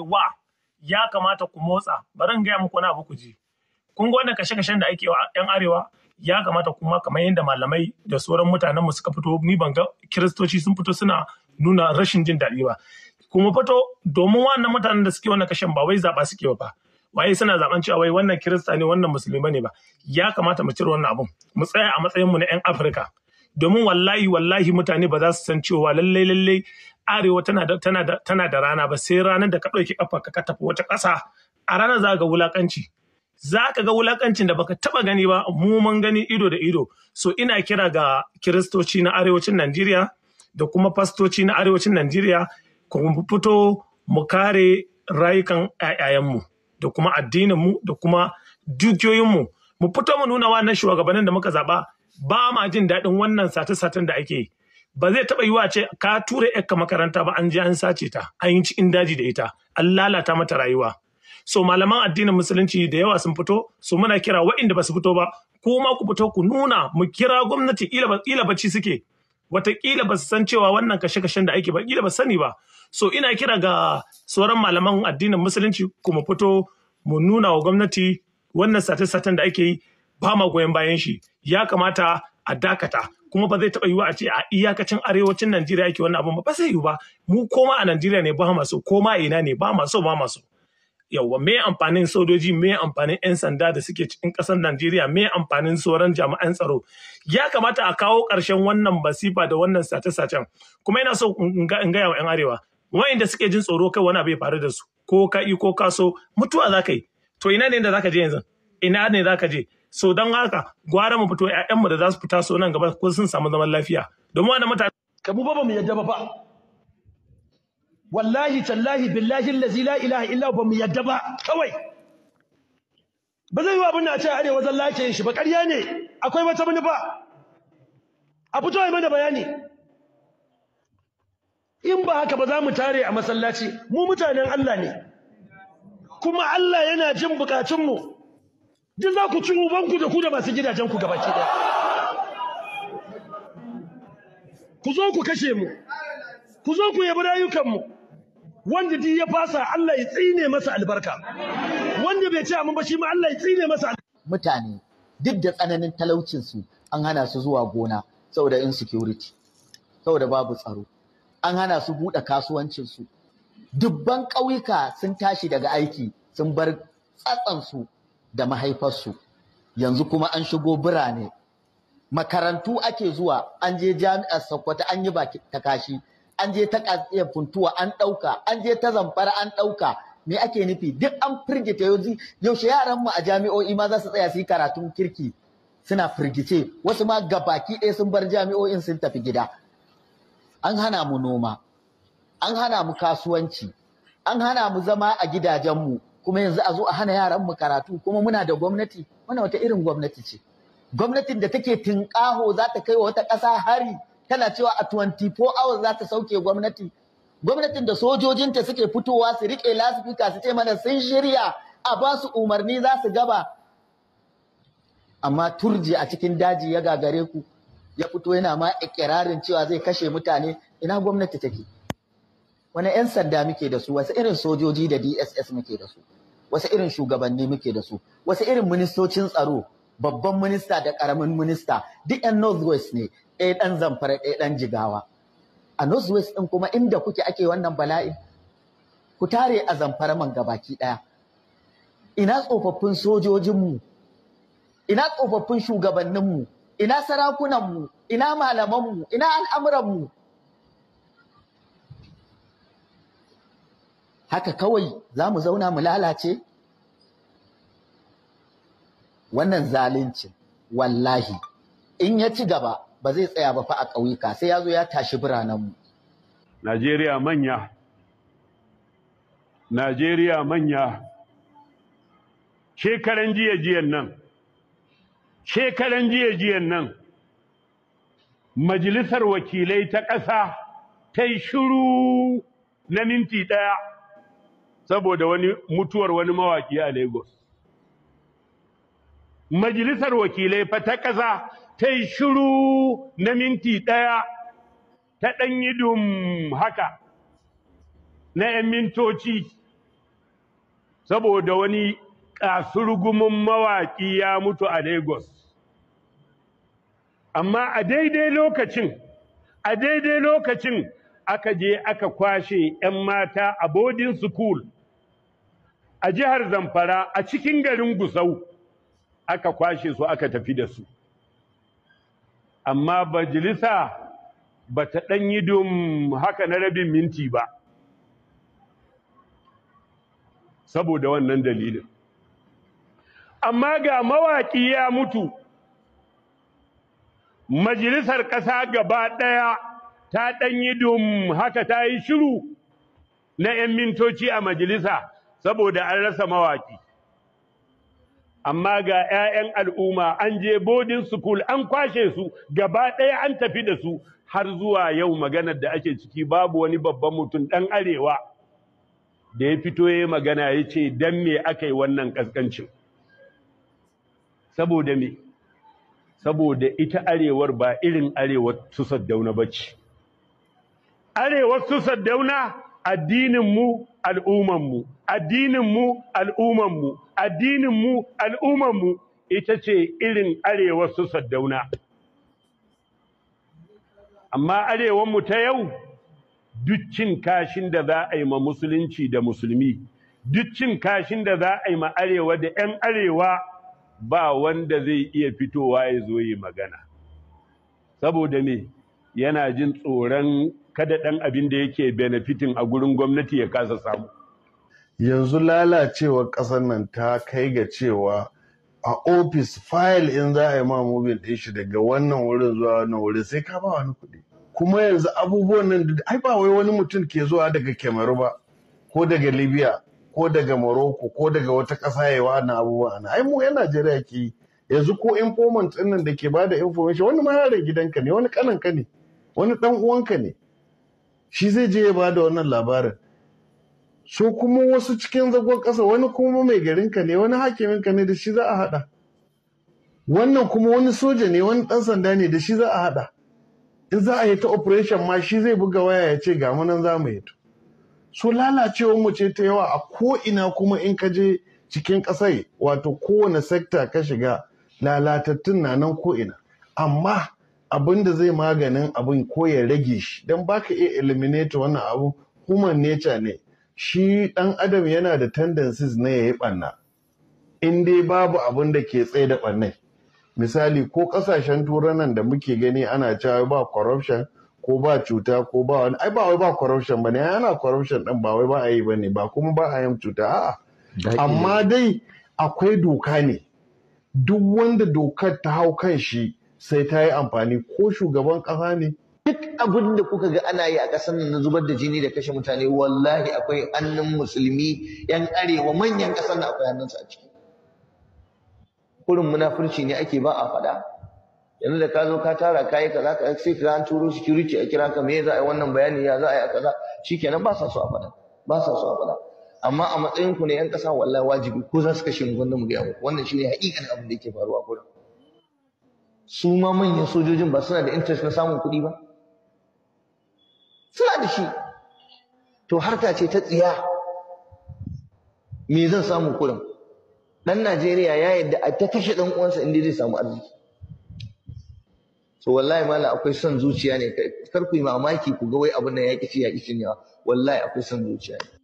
wa ya kamata ku motsa bari in gaya muku wani abu ku je? kun ga wannan kashe-kashen da ake wa yan arewa ya kamata kuma kamar yadda malamai da sauran mutanen mu suka fito ni ban ga kiristoci sun fito suna nuna rashin jin daɗi ba kuma fito domin wannan mutanen da suke wannan kashen ba wai zaɓa suke ba waye suna zaben cewa wai wannan kirista ne wannan musulmi ne ba ya kamata mu cire wannan abun mu tsaya a matsayin mu na yan afirka domin wallahi wallahi mutane ba za su san cewa lallai lallai arewa tana da rana ba sai ranar da ka ɗauki kafa ka tafi wata ƙasa a ranar za ga wulaƙanci. za ka ga wulaƙancin da baka taɓa gani ba mu mun gani ido da ido so ina kira ga kiristoci na arewacin Najeriya da kuma fastoci na arewacin Najeriya ku fito mu kare rayukan ƴaƴayenmu da kuma addinin mu da kuma dukiyoyinmu mu fito mu nuna wa na shugabannin da muka zaba ba ma jin daɗin wannan sata-satan da ake yi ba zai taɓa yiwa ce ka tura yakka makaranta ba an je an sace ta an yi cikin daji da ita an lalata mata rayuwa so malaman addinin musulunci da yawa sun fito su muna kira waɗanda ba su fito ba kuma ku fito ku nuna mu kira gwamnati ila bacci suke watakila ba su san cewa wannan kashe-kashen da ake ba ƙila ba sani ba so ina kira ga sauran malaman addinin musulunci kuma fito mu nuna wa gwamnati wannan sace-sacen da ake yi ba ma goyon bayan shi ya kamata a dakata kuma ba zai taɓa yiwuwa a ce a iyakacin arewacin Najeriya yake wannan abun ba ba sai yiwu ba mu koma a Najeriya ne ba masu koma ina ne ba masu ba masu yauwa me amfanin sojoji me amfanin 'yan sanda da suke cikin ƙasar Najeriya me amfanin sauran jami'an tsaro ya kamata a kawo ƙarshen wannan basifa da wannan sace-sacen kuma ina so in gaya wa 'yan arewa wa'inda suke jin tsoro kai wani abu faru da su ko ka ko ka mutuwa za ka yi to ina ne da za ka je yanzu ina ne za ka je so don haka gwara mu fito ƴaƴanmu da za su fita so nan gaba ko sun samu zaman lafiya domin wannan mutane ka mu ba mu yadda ba ba, wallahi tallahi billahi allazi la ilaha illa ba mu yadda ba kawai ba zai yi abin da a ce arewa zan ake yin shi ba ƙarya ne akwai wata ba. a fito yi mana bayani in ba haka ba za mu tare a masallaci mu mutanen Allah ne kuma Allah yana jin bukatunmu duk za ku ci ubanku da ku da masu gidajenku gabaki ɗaya ku zo ku kashe mu ku zo ku yabi rayukanmu wanda duk ya fasa Allah ya tsine masa albarka wanda bai ci amma ba shi ma Allah ya tsine masa mutane duk da tsananin talaucinsu an hana su zuwa gona saboda insecurity saboda babu tsaro an hana su buɗe kasuwancinsu, dubban ƙauyuka sun tashi daga aiki sun bar tsatsansu. da mahaifarsu yanzu kuma an shigo birane makarantu ake zuwa an je jami'ar sakwata an yi baki ta kashi an je ta katsiyar funtuwa an ɗauka an je ta zamfara an ɗauka me ake nufi duk an firgita yanzu yaushe yaran mu a jami'o'i ma za su tsaya su yi karatun kirki suna firgice wasu ma ga baki ɗaya sun bar jami'o'in sun tafi gida an hana mu noma an hana mu kasuwanci an hana mu zama a gidajenmu kuma yanzu a zo a hana yaran mu karatu kuma muna da gwamnati wannan wata irin gwamnati ce gwamnatin da take tinƙaho za ta kai wa wata ƙasa hari tana cewa a 24 hours za ta sauke gwamnati gwamnatin da sojojinta suke fitowa su rike lasifika su ce mana sun shirya a ba su umarni za su gaba amma turji a cikin daji ya gagare ku ya fito yana ma ikirarin cewa zai kashe mutane ina gwamnati take wani 'yan sanda muke da su wasu irin sojoji da dss muke da su wasu irin shugabanni muke da su wasu irin ministocin tsaro babban minista da karamin minista duk yan northwest ne ɗaya ɗan zamfara ɗaya ɗan jigawa a West ɗin kuma inda kuke ake wannan bala'i? ku tare a zamfara man gabaki ɗaya ina tsofaffin sojojinmu ina tsofaffin shugabanninmu ina sarakunanmu ina malamanmu ina al'amuranmu haka kawai za mu zauna mu lalace wannan zalunci wallahi in ya ci gaba ba zai tsaya ba fa a ƙauyuka sai ya zo ya tashi biranenmu Najeriya manya Najeriya manya shekaran jiya jiyan nan shekaran jiya jiyan nan majalisar wakilai ta ƙasa ta yi shiru na minti ɗaya saboda wani mutuwar wani mawaki a Lagos majalisar wakilai fa ta ƙasa ta yi shiru na minti ɗaya ta ɗan yi dum haka na 'yan mintoci saboda wani kasurgumin mawaƙi ya mutu a Lagos. Amma a daidai lokacin, a daidai lokacin aka je aka kwashe ‘yan mata a boarding school a jihar Zamfara a cikin garin Gusau aka kwashe su aka tafi da su amma bajilisa ba ta ɗan yi dum haka na rabin minti ba saboda wannan dalilin amma ga mawaƙi ya mutu majalisar ƙasa gaba ɗaya ta ɗan yi dum haka ta yi shiru na 'yan mintoci a majalisa saboda an rasa mawaki amma ga 'ya'yan al'umma an je boarding school an kwashe su gaba ɗaya an tafi da su har zuwa yau maganar da ake ciki babu wani babban mutum ɗan arewa da ya fito ya magana ya ce don me aka yi wannan ƙasƙancin saboda me saboda ita arewar ba irin arewar su saddauna ba arewar su saddauna addininmu al'ummanmu addininmu al'ummanmu addininmu al'ummanmu ita ce irin arewa su saddauna amma arewanmu ta yau duk cin kashin da za a yi ma musulunci da musulmi duk cin kashin da za a yi ma arewa da 'yan arewa ba wanda zai iya fitowa ya zo yi magana saboda me yana jin tsoron kada ɗan abin da yake benefitin a gurin gwamnati ya kasa samu yanzu lalacewar ƙasar nan ta kai ga cewa a ofis fayil in za a yi ma mobin ɗin shi daga wannan wurin zuwa wannan wurin sai ka ba wani kuɗi kuma yanzu abubuwan nan ai ba wai wani mutum ke zuwa daga kemaru ba ko daga libya ko daga morocco ko daga wata ƙasa ya yi wa'annan abubuwa ana ai mu yan najeriya ke yanzu ko informant ɗin nan da ke ba da information wani ma yaran gidanka ne wani kananka ne wani ɗan uwanka ne shi zai je ya bada wannan labarin so kuma wasu cikin zagon ƙasa wani kuma mai garinka ne wani hakiminka ne da shi za a haɗa wannan kuma wani soja ne wani ɗan sanda ne da shi za a haɗa in za a yi ta operation ma shi zai buga waya ya ce ga nan za mu yi to so lalacewar mu ce ta yawa a ko ina kuma in ka je cikin ƙasai wato kowane sekta ka shiga lalatattun na nan ko'ina, amma abin da zai maganin abin ko ya rage shi don baka iya eliminate wannan abu human nature ne shi ɗan adam yana da tendencies na ya yi ɓanna in dai babu abin da ke tsaye da ɓannai misali ko ƙasashen turanan da muke gani ana cewa ba corruption ko ba cuta ko ba wani ai ba wai ba corruption bane ana corruption ɗin ba wai ba a yi bane ba kuma ba a yi cuta a'a amma dai akwai doka ne duk wanda dokar ta hau kan shi sai ta yi amfani ko shugaban kafa ne duk abin da kuka ga ana yi a ƙasar nan na zubar da jini da kashe mutane wallahi akwai hannun musulmi yan arewa manyan ƙasar nan akwai hannunsa a ciki kurin munafurci ne ake ba a faɗa yanzu da ka zo ka tara kayi kaza ka sai ka an turo security a kira ka me za a yi wannan bayani ya za a yi a kaza shikenan ba sa so a faɗa ba sa so a faɗa amma a matsayin ku ne yan ƙasa wallahi wajibi ko za su kashe mu gwanda mu ga wannan shine haƙiƙanin abin da yake faruwa gurin su ma manyan sojojin ba suna da interest na samun kuɗi ba suna da shi to harka ce ta tsiya me zan samu kuɗin ɗan Najeriya ya yadda a ta kashe ɗan uwansa inda zai samu arziki so wallahi mala akwai son zuciya ne kar ku yi mamaki ku ga wai abun nan ya kici ya kici ne wallahi akwai son zuciya ne